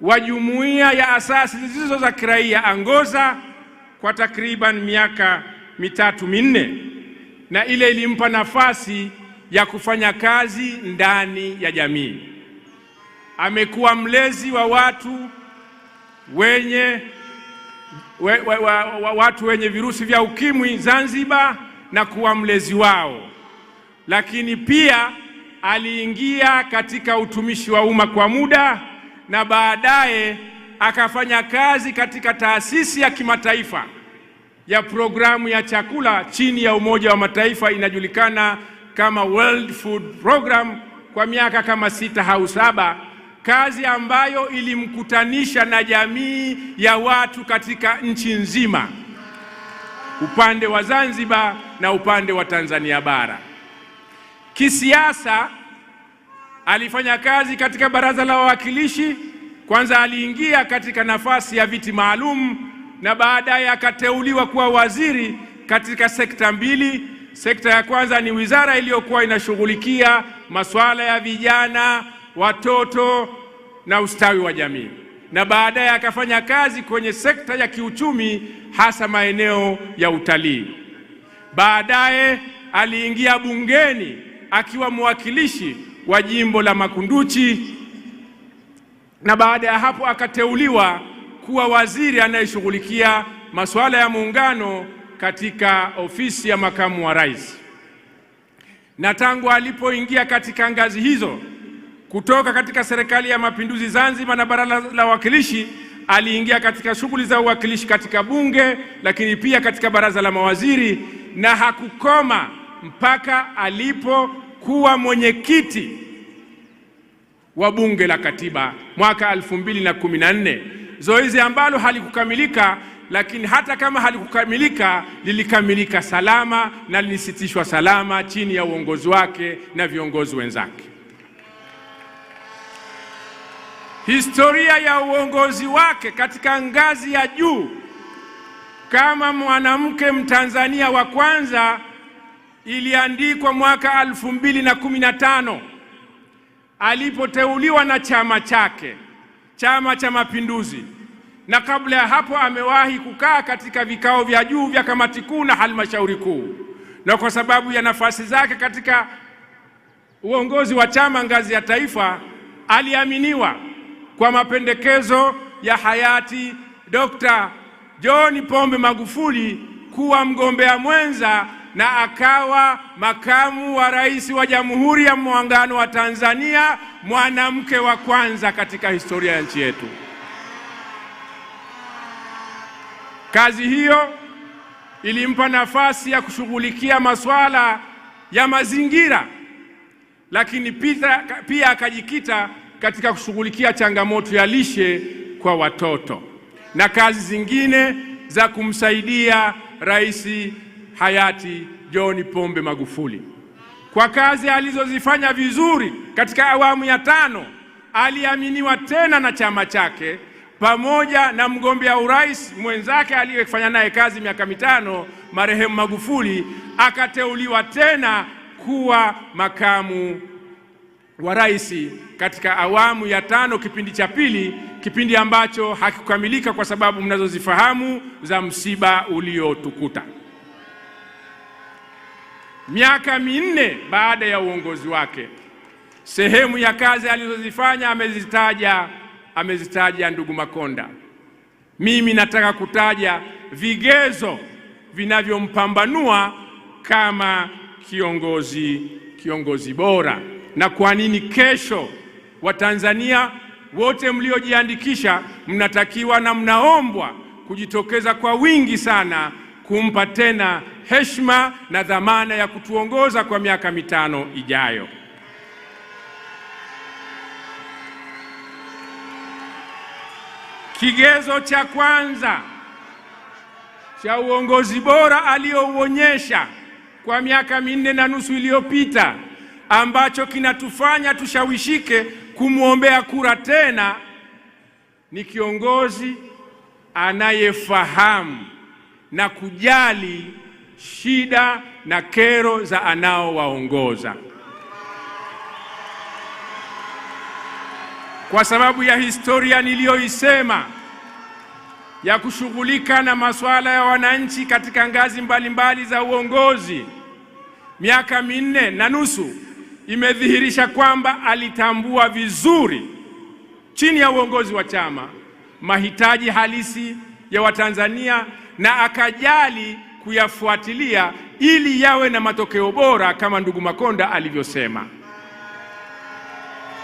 wa jumuiya ya asasi zisizo za kiraia Angoza kwa takriban miaka mitatu minne, na ile ilimpa nafasi ya kufanya kazi ndani ya jamii. Amekuwa mlezi wa watu wenye we, we, we, we, watu wenye virusi vya ukimwi Zanzibar na kuwa mlezi wao, lakini pia aliingia katika utumishi wa umma kwa muda na baadaye akafanya kazi katika taasisi ya kimataifa ya programu ya chakula chini ya Umoja wa Mataifa, inajulikana kama World Food Program kwa miaka kama sita au saba, kazi ambayo ilimkutanisha na jamii ya watu katika nchi nzima, upande wa Zanzibar na upande wa Tanzania bara. Kisiasa alifanya kazi katika baraza la wawakilishi. Kwanza aliingia katika nafasi ya viti maalum na baadaye akateuliwa kuwa waziri katika sekta mbili. Sekta ya kwanza ni wizara iliyokuwa inashughulikia masuala ya vijana, watoto na ustawi wa jamii, na baadaye akafanya kazi kwenye sekta ya kiuchumi, hasa maeneo ya utalii. Baadaye aliingia bungeni akiwa mwakilishi wa jimbo la Makunduchi, na baada ya hapo akateuliwa kuwa waziri anayeshughulikia masuala ya muungano katika ofisi ya makamu wa rais. Na tangu alipoingia katika ngazi hizo kutoka katika serikali ya mapinduzi Zanzibar na baraza la wawakilishi, aliingia katika shughuli za uwakilishi katika bunge, lakini pia katika baraza la mawaziri, na hakukoma mpaka alipo kuwa mwenyekiti wa bunge la katiba mwaka 2014, zoezi ambalo halikukamilika, lakini hata kama halikukamilika lilikamilika salama na lilisitishwa salama chini ya uongozi wake na viongozi wenzake. Historia ya uongozi wake katika ngazi ya juu kama mwanamke Mtanzania wa kwanza iliandikwa mwaka 2015 alipoteuliwa na chama chake Chama cha Mapinduzi, na kabla ya hapo amewahi kukaa katika vikao vya juu vya kamati kuu na halmashauri kuu, na kwa sababu ya nafasi zake katika uongozi wa chama ngazi ya taifa, aliaminiwa kwa mapendekezo ya hayati Dr. John Pombe Magufuli kuwa mgombea mwenza na akawa makamu wa rais wa Jamhuri ya Muungano wa Tanzania, mwanamke wa kwanza katika historia ya nchi yetu. Kazi hiyo ilimpa nafasi ya kushughulikia masuala ya mazingira, lakini pita, pia akajikita katika kushughulikia changamoto ya lishe kwa watoto na kazi zingine za kumsaidia rais hayati John Pombe Magufuli kwa kazi alizozifanya vizuri katika awamu ya tano. Aliaminiwa tena na chama chake pamoja na mgombea urais mwenzake aliyefanya naye kazi miaka mitano, marehemu Magufuli akateuliwa tena kuwa makamu wa rais katika awamu ya tano, kipindi cha pili, kipindi ambacho hakikamilika kwa sababu mnazozifahamu za msiba uliotukuta miaka minne baada ya uongozi wake. Sehemu ya kazi alizozifanya amezitaja, amezitaja ndugu Makonda. Mimi nataka kutaja vigezo vinavyompambanua kama kiongozi, kiongozi bora na kwa nini kesho Watanzania wote mliojiandikisha mnatakiwa na mnaombwa kujitokeza kwa wingi sana kumpa tena heshima na dhamana ya kutuongoza kwa miaka mitano ijayo. Kigezo cha kwanza cha uongozi bora aliyouonyesha kwa miaka minne na nusu iliyopita, ambacho kinatufanya tushawishike kumwombea kura tena, ni kiongozi anayefahamu na kujali shida na kero za anaowaongoza. Kwa sababu ya historia niliyoisema ya kushughulika na masuala ya wananchi katika ngazi mbalimbali za uongozi, miaka minne na nusu imedhihirisha kwamba alitambua vizuri chini ya uongozi wa chama mahitaji halisi ya Watanzania na akajali kuyafuatilia ili yawe na matokeo bora kama ndugu Makonda alivyosema.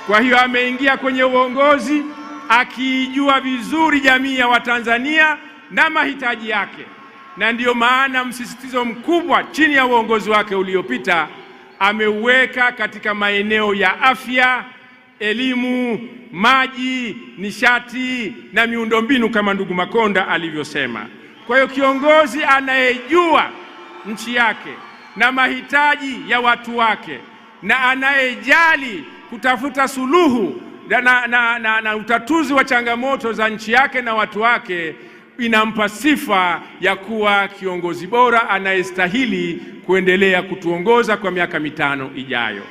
Kwa hiyo ameingia kwenye uongozi akiijua vizuri jamii ya Watanzania na mahitaji yake, na ndiyo maana msisitizo mkubwa chini ya uongozi wake uliopita ameuweka katika maeneo ya afya, elimu, maji, nishati na miundombinu kama ndugu Makonda alivyosema. Kwa hiyo kiongozi anayejua nchi yake na mahitaji ya watu wake na anayejali kutafuta suluhu na, na, na, na, na utatuzi wa changamoto za nchi yake na watu wake inampa sifa ya kuwa kiongozi bora anayestahili kuendelea kutuongoza kwa miaka mitano ijayo.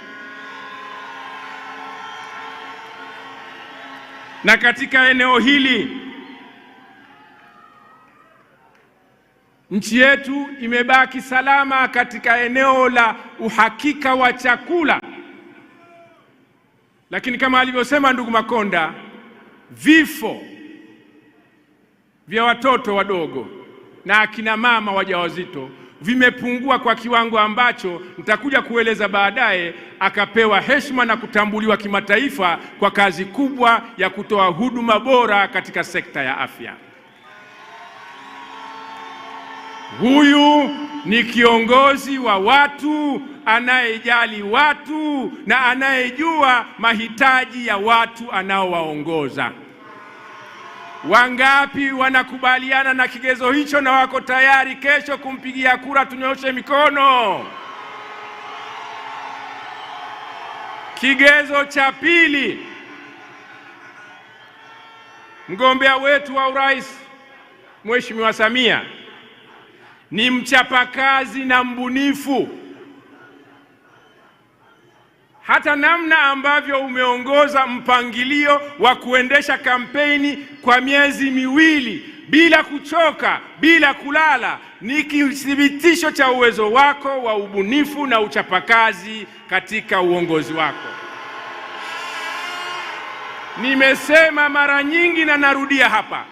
Na katika eneo hili Nchi yetu imebaki salama katika eneo la uhakika wa chakula, lakini kama alivyosema ndugu Makonda, vifo vya watoto wadogo na akina mama wajawazito vimepungua kwa kiwango ambacho nitakuja kueleza baadaye. Akapewa heshima na kutambuliwa kimataifa kwa kazi kubwa ya kutoa huduma bora katika sekta ya afya. Huyu ni kiongozi wa watu anayejali watu na anayejua mahitaji ya watu anaowaongoza. Wangapi wanakubaliana na kigezo hicho na wako tayari kesho kumpigia kura? Tunyoshe mikono. Kigezo cha pili, mgombea wetu wa urais Mheshimiwa Samia ni mchapakazi na mbunifu. Hata namna ambavyo umeongoza mpangilio wa kuendesha kampeni kwa miezi miwili bila kuchoka, bila kulala, ni kithibitisho cha uwezo wako wa ubunifu na uchapakazi katika uongozi wako. Nimesema mara nyingi na narudia hapa.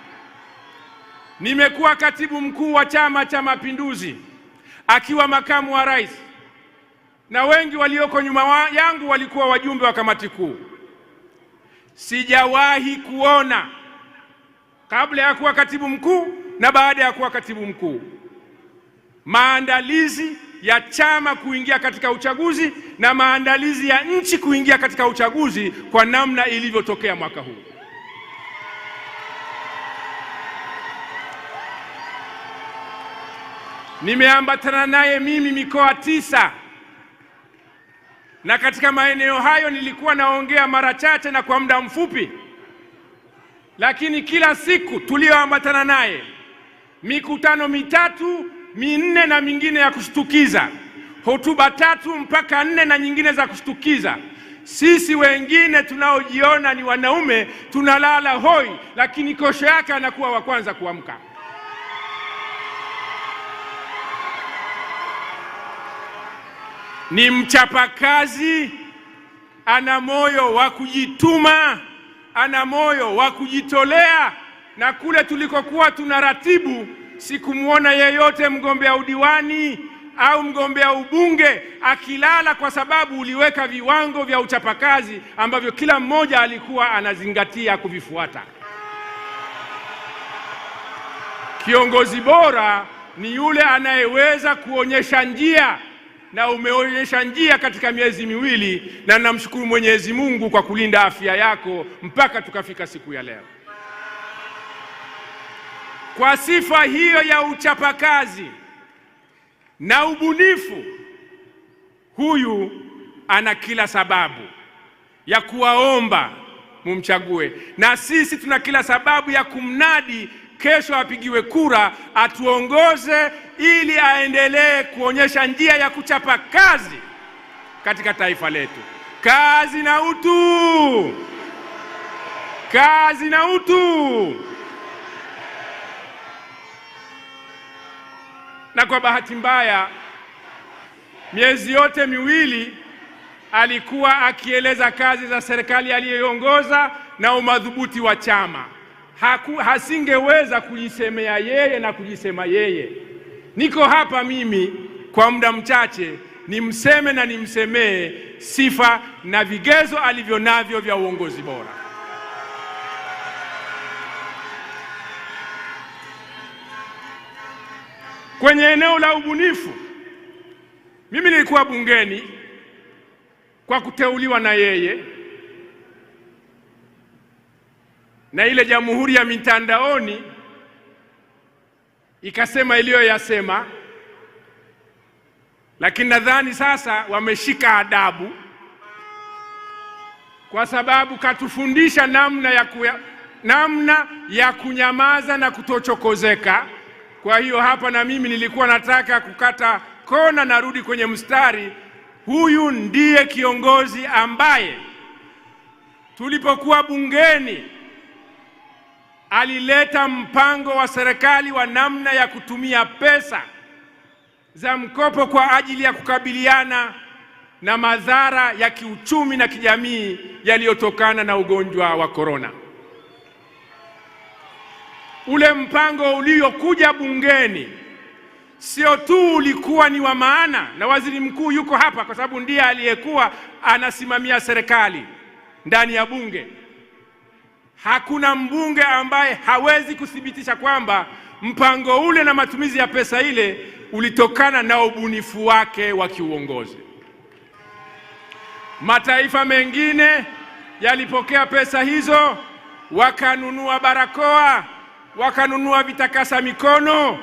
Nimekuwa katibu mkuu wa Chama cha Mapinduzi akiwa makamu wa rais, na wengi walioko nyuma wa yangu walikuwa wajumbe wa kamati kuu. Sijawahi kuona kabla ya kuwa katibu mkuu na baada ya kuwa katibu mkuu maandalizi ya chama kuingia katika uchaguzi na maandalizi ya nchi kuingia katika uchaguzi kwa namna ilivyotokea mwaka huu. nimeambatana naye mimi mikoa tisa, na katika maeneo hayo nilikuwa naongea mara chache na kwa muda mfupi, lakini kila siku tuliyoambatana naye mikutano mitatu minne na mingine ya kushtukiza, hotuba tatu mpaka nne na nyingine za kushtukiza. Sisi wengine tunaojiona ni wanaume tunalala hoi, lakini kesho yake anakuwa wa kwanza kuamka. ni mchapakazi, ana moyo wa kujituma, ana moyo wa kujitolea. Na kule tulikokuwa tunaratibu, sikumwona yeyote mgombea udiwani au mgombea ubunge akilala, kwa sababu uliweka viwango vya uchapakazi ambavyo kila mmoja alikuwa anazingatia kuvifuata. Kiongozi bora ni yule anayeweza kuonyesha njia na umeonyesha njia katika miezi miwili, na namshukuru Mwenyezi Mungu kwa kulinda afya yako mpaka tukafika siku ya leo. Kwa sifa hiyo ya uchapakazi na ubunifu, huyu ana kila sababu ya kuwaomba mumchague, na sisi tuna kila sababu ya kumnadi kesho apigiwe kura, atuongoze ili aendelee kuonyesha njia ya kuchapa kazi katika taifa letu. Kazi na utu, kazi na utu. Na kwa bahati mbaya, miezi yote miwili alikuwa akieleza kazi za serikali aliyoiongoza na umadhubuti wa chama haku, hasingeweza kujisemea yeye na kujisema yeye. Niko hapa mimi kwa muda mchache nimseme na nimsemee sifa na vigezo alivyo navyo vya uongozi bora. Kwenye eneo la ubunifu, mimi nilikuwa bungeni kwa kuteuliwa na yeye na ile jamhuri ya mitandaoni ikasema iliyoyasema, lakini nadhani sasa wameshika adabu, kwa sababu katufundisha namna ya kuya, namna ya kunyamaza na kutochokozeka. Kwa hiyo hapa na mimi nilikuwa nataka kukata kona, narudi kwenye mstari. Huyu ndiye kiongozi ambaye tulipokuwa bungeni alileta mpango wa serikali wa namna ya kutumia pesa za mkopo kwa ajili ya kukabiliana na madhara ya kiuchumi na kijamii yaliyotokana na ugonjwa wa korona. Ule mpango uliokuja bungeni sio tu ulikuwa ni wa maana, na waziri mkuu yuko hapa kwa sababu ndiye aliyekuwa anasimamia serikali ndani ya bunge Hakuna mbunge ambaye hawezi kuthibitisha kwamba mpango ule na matumizi ya pesa ile ulitokana na ubunifu wake wa kiuongozi. Mataifa mengine yalipokea pesa hizo, wakanunua barakoa, wakanunua vitakasa mikono.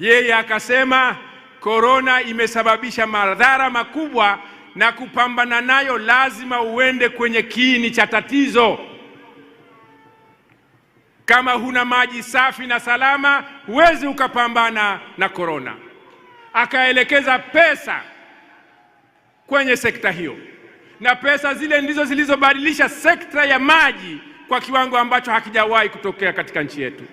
Yeye akasema korona imesababisha madhara makubwa, na kupambana nayo lazima uende kwenye kiini cha tatizo. Kama huna maji safi na salama, huwezi ukapambana na korona. Akaelekeza pesa kwenye sekta hiyo, na pesa zile ndizo zilizobadilisha sekta ya maji kwa kiwango ambacho hakijawahi kutokea katika nchi yetu.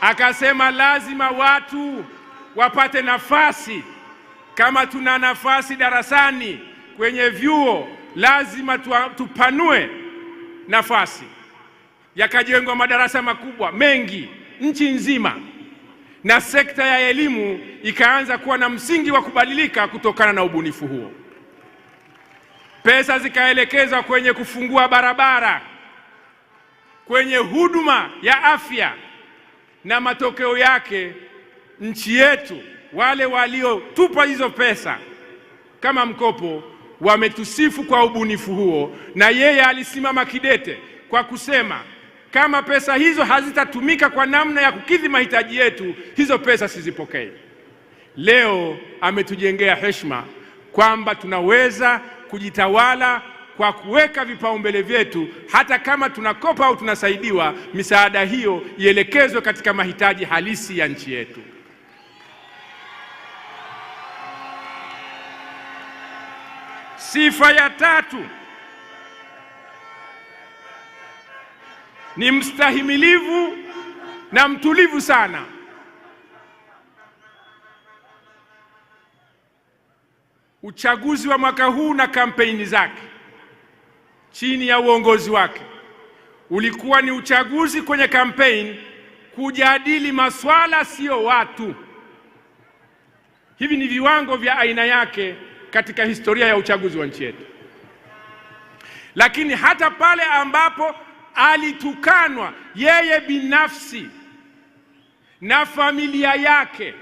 Akasema lazima watu wapate nafasi. Kama tuna nafasi darasani, kwenye vyuo, lazima tupanue nafasi yakajengwa madarasa makubwa mengi nchi nzima, na sekta ya elimu ikaanza kuwa na msingi wa kubadilika kutokana na ubunifu huo. Pesa zikaelekezwa kwenye kufungua barabara, kwenye huduma ya afya, na matokeo yake nchi yetu, wale waliotupa hizo pesa kama mkopo, wametusifu kwa ubunifu huo, na yeye alisimama kidete kwa kusema kama pesa hizo hazitatumika kwa namna ya kukidhi mahitaji yetu, hizo pesa sizipokee. Leo ametujengea heshima kwamba tunaweza kujitawala kwa kuweka vipaumbele vyetu. Hata kama tunakopa au tunasaidiwa, misaada hiyo ielekezwe katika mahitaji halisi ya nchi yetu. Sifa ya tatu ni mstahimilivu na mtulivu sana. Uchaguzi wa mwaka huu na kampeni zake chini ya uongozi wake ulikuwa ni uchaguzi kwenye kampeni kujadili masuala, sio watu. Hivi ni viwango vya aina yake katika historia ya uchaguzi wa nchi yetu. Lakini hata pale ambapo alitukanwa yeye binafsi na familia yake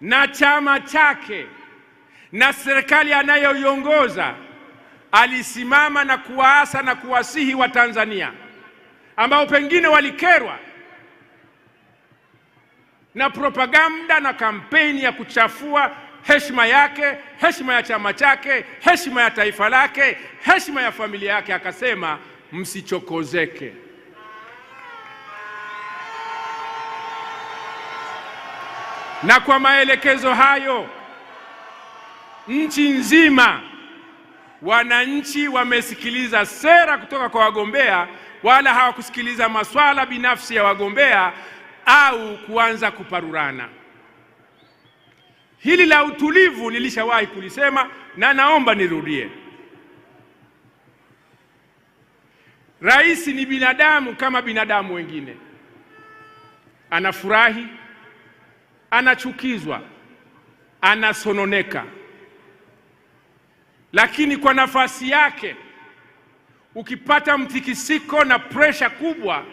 na chama chake na serikali anayoiongoza. Alisimama na kuwaasa na kuwasihi Watanzania ambao pengine walikerwa na propaganda na kampeni ya kuchafua heshima yake, heshima ya chama chake, heshima ya taifa lake, heshima ya familia yake, akasema msichokozeke. Na kwa maelekezo hayo, nchi nzima wananchi wamesikiliza sera kutoka kwa wagombea, wala hawakusikiliza maswala binafsi ya wagombea au kuanza kuparurana. Hili la utulivu nilishawahi kulisema na naomba nirudie. Rais ni binadamu kama binadamu wengine, anafurahi, anachukizwa, anasononeka, lakini kwa nafasi yake ukipata mtikisiko na presha kubwa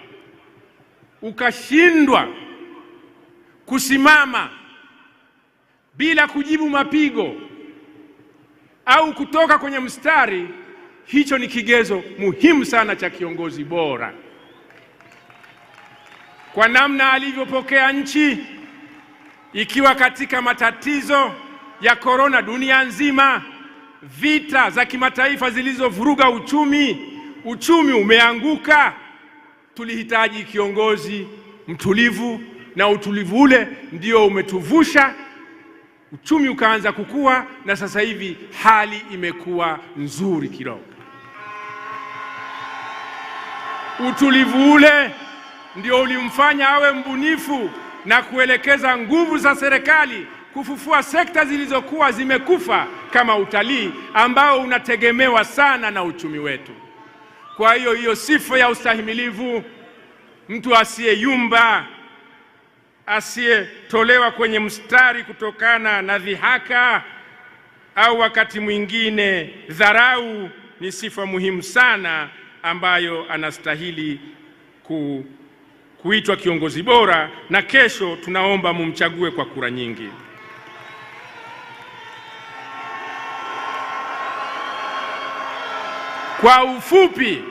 ukashindwa kusimama bila kujibu mapigo au kutoka kwenye mstari Hicho ni kigezo muhimu sana cha kiongozi bora. Kwa namna alivyopokea nchi ikiwa katika matatizo ya korona dunia nzima, vita za kimataifa zilizovuruga uchumi, uchumi umeanguka. Tulihitaji kiongozi mtulivu, na utulivu ule ndio umetuvusha uchumi ukaanza kukua, na sasa hivi hali imekuwa nzuri kidogo. Utulivu ule ndio ulimfanya awe mbunifu na kuelekeza nguvu za serikali kufufua sekta zilizokuwa zimekufa kama utalii ambao unategemewa sana na uchumi wetu. Kwa hiyo hiyo sifa ya ustahimilivu, mtu asiyeyumba, asiyetolewa kwenye mstari kutokana na dhihaka au wakati mwingine dharau, ni sifa muhimu sana ambayo anastahili ku, kuitwa kiongozi bora, na kesho tunaomba mumchague kwa kura nyingi. Kwa ufupi,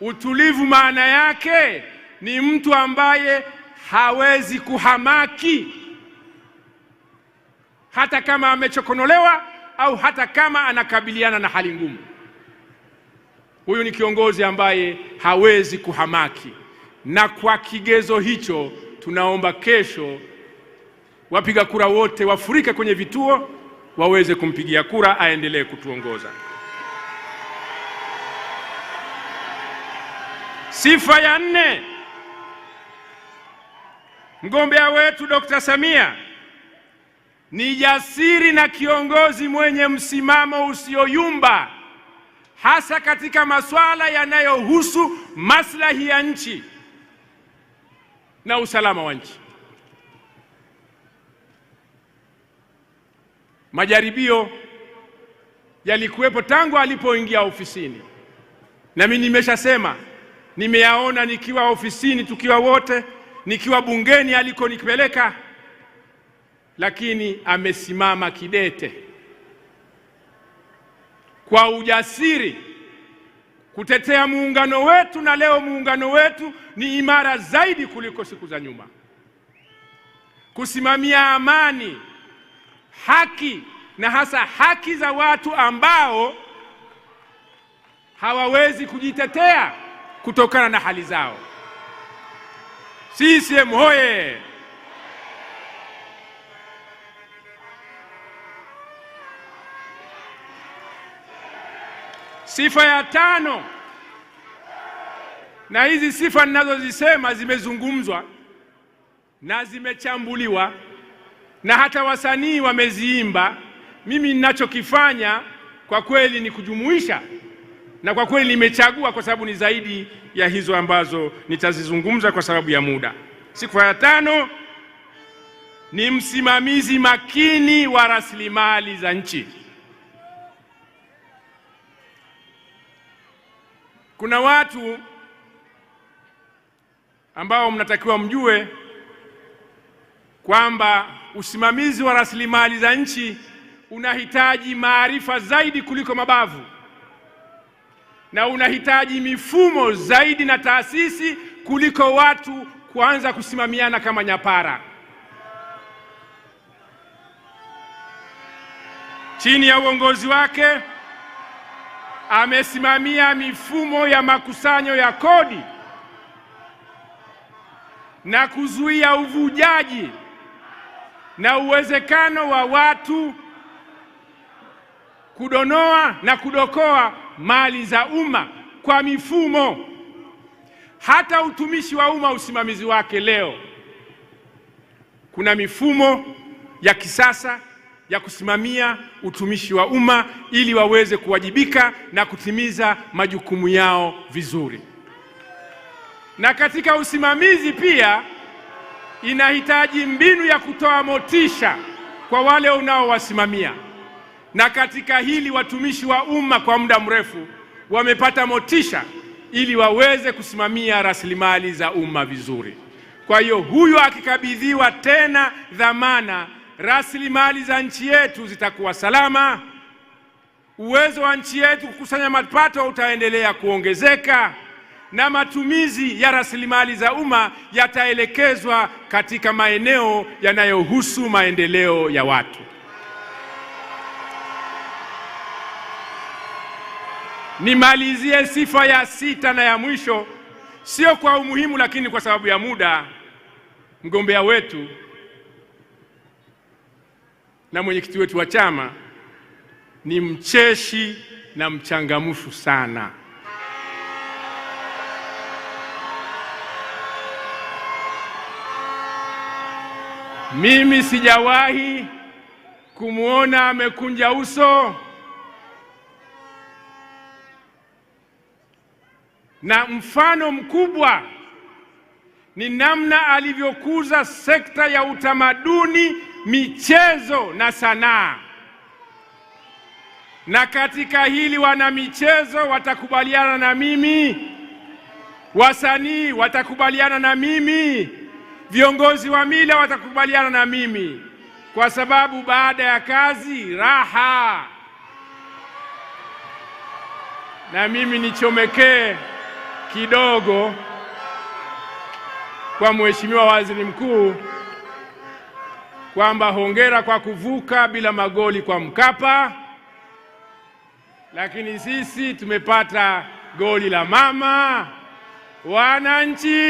utulivu maana yake ni mtu ambaye hawezi kuhamaki hata kama amechokonolewa au hata kama anakabiliana na hali ngumu. Huyu ni kiongozi ambaye hawezi kuhamaki, na kwa kigezo hicho tunaomba kesho wapiga kura wote wafurike kwenye vituo waweze kumpigia kura aendelee kutuongoza. Sifa ya nne, mgombea wetu Dr. Samia ni jasiri na kiongozi mwenye msimamo usioyumba hasa katika masuala yanayohusu maslahi ya nchi na usalama wa nchi. Majaribio yalikuwepo tangu alipoingia ofisini, na mimi nimeshasema, nimeyaona nikiwa ofisini, tukiwa wote, nikiwa bungeni, alikonipeleka, lakini amesimama kidete kwa ujasiri kutetea muungano wetu, na leo muungano wetu ni imara zaidi kuliko siku za nyuma, kusimamia amani, haki na hasa haki za watu ambao hawawezi kujitetea kutokana na hali zao. CCM hoye! Sifa ya tano, na hizi sifa ninazozisema zimezungumzwa na zimechambuliwa na hata wasanii wameziimba. Mimi ninachokifanya kwa kweli ni kujumuisha, na kwa kweli nimechagua kwa sababu ni zaidi ya hizo ambazo nitazizungumza kwa sababu ya muda. Sifa ya tano ni msimamizi makini wa rasilimali za nchi. Kuna watu ambao mnatakiwa mjue kwamba usimamizi wa rasilimali za nchi unahitaji maarifa zaidi kuliko mabavu na unahitaji mifumo zaidi na taasisi kuliko watu kuanza kusimamiana kama nyapara. Chini ya uongozi wake amesimamia mifumo ya makusanyo ya kodi na kuzuia uvujaji na uwezekano wa watu kudonoa na kudokoa mali za umma kwa mifumo. Hata utumishi wa umma, usimamizi wake leo kuna mifumo ya kisasa ya kusimamia utumishi wa umma ili waweze kuwajibika na kutimiza majukumu yao vizuri. Na katika usimamizi pia inahitaji mbinu ya kutoa motisha kwa wale unaowasimamia. Na katika hili watumishi wa umma kwa muda mrefu wamepata motisha ili waweze kusimamia rasilimali za umma vizuri. Kwa hiyo huyu akikabidhiwa tena dhamana rasilimali za nchi yetu zitakuwa salama, uwezo wa nchi yetu kukusanya mapato utaendelea kuongezeka na matumizi ya rasilimali za umma yataelekezwa katika maeneo yanayohusu maendeleo ya watu. Nimalizie sifa ya sita na ya mwisho, sio kwa umuhimu, lakini kwa sababu ya muda, mgombea wetu na mwenyekiti wetu wa chama ni mcheshi na mchangamfu sana. Mimi sijawahi kumwona amekunja uso na mfano mkubwa ni namna alivyokuza sekta ya utamaduni michezo na sanaa, na katika hili wana michezo watakubaliana na mimi, wasanii watakubaliana na mimi, viongozi wa mila watakubaliana na mimi, kwa sababu baada ya kazi raha. Na mimi nichomekee kidogo kwa Mheshimiwa Waziri Mkuu kwamba hongera kwa kuvuka bila magoli kwa Mkapa, lakini sisi tumepata goli la mama wananchi.